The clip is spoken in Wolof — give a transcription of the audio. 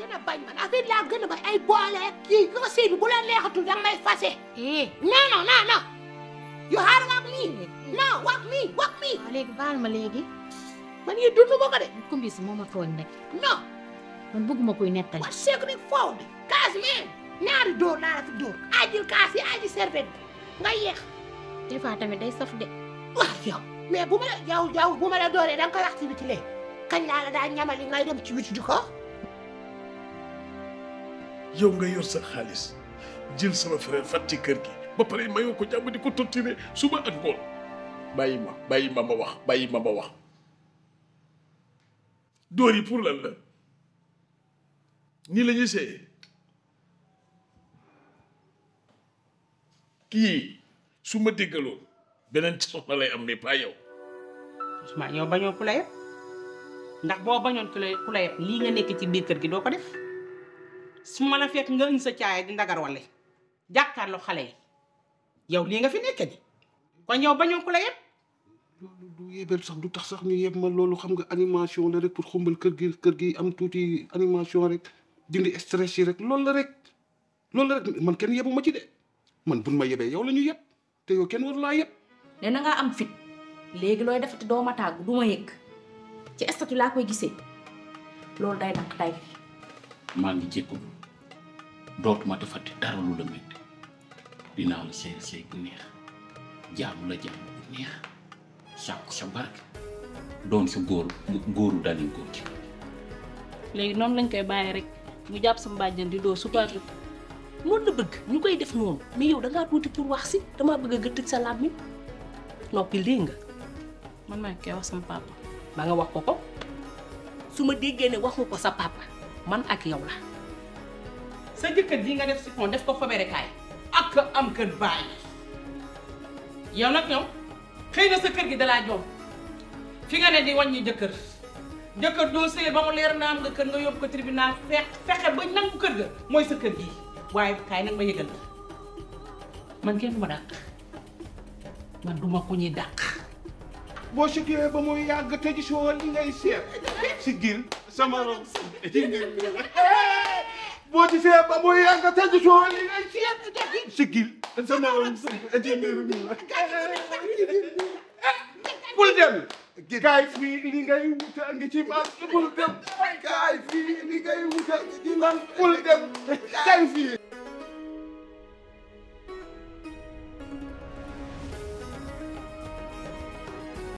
gën a bañ man affaire laa gën a bañ ay boole kii nga sëy bi bu la neexatul da may fase. Eh. non non non non you hard work me eh, eh. non work me work me. Ah, léegi baal ma léegi. man yi dund ma ko de. kumbis moo ma tooñ nag. non. man bëgguma koy nettali. waa secret faw de kaas meen ñaari dóor laa la fi dóor. aajil kaas yi aajil serviette bi nga yéex. des tamit day saf de. waaw yow mais bu ma la yow yow bu ma la dooree da nga koy wax ci biti lee kañ laa la ñamali ngay ko. yow nga yor sa xaalis jël sama frère fat ci kër gi ba pare mayoo ko jàmm di ko su suba ak ngoon bàyyi ma bàyyi ma ma wax bàyyi ma ma wax dóor yi pour lan la nii la ñuy kii su ma déggaloon beneen soxna lay am ne pas yow. Ousmane yow bañoo ku la yëpp ndax boo bañoon ku la yëpp lii nga nekk ci biir kër gi doo ko def. su ma la fekk nga indi sa caaya di ndagar wale jàkkaarloo xale yi yow lii nga fi nekke di kon ba bañoo ku la yëpp loolu du yebeel sax du tax sax ñu yeb ma loolu xam nga animation la rek pour xumbal kër gi kër gi am tuuti animation rek dindi stress yi rek loolu la rek loolu la rek man kenn yebu ma ci de man buñ ma yebee yow la ñu yeb te yow kenn waru laa yeb ne na am fit léegi looy defati doo ma tàggu du ma yëg ci statut laa koy gisee loolu day naq day maa dootuma defati dara lu la metti dinaa la sëy sëy bu neex jaamu la jaam bu neex sa barke doon sa góor góoru daal góor ci léegi noonu lañ koy bàyyi rek mu jàpp sa mbàjjan di doo sutaatu mën na bëgg ñu koy def noonu mais yow dangaa tuuti pour wax si damaa bëgg a tëj sa làmmiñ noppi lii nga man maa ngi koy wax sama papa ba nga wax ko ko su ma déggee ne waxu ko sa papa man ak yow la sa jëkkër ji nga def si fond def ko fobere kaay ak am kër bàyyi yow nag ñoom xëy na sa kër gi dalaa joom fi nga ne di wàññi jëkkër jëkkër doo sëyee ba mu leer na am nga kër nga yóbbu ko tribunal fex fexe ba nangu kër ga mooy sa kër gi waaye kaay nag ma yëgal la man kenn du ma dàq man du ma ko ñuy dàq boo sutiyee ba muy yàgg te gisoo i ngay seet si gil sama rob si gil boo ci fee ba boo yàgg a tëj soo sigil sama bul a kaay fii li ngay wuta a ci man bul dem kaay fii li ngay wuta ngi ci man bul dem kaay fii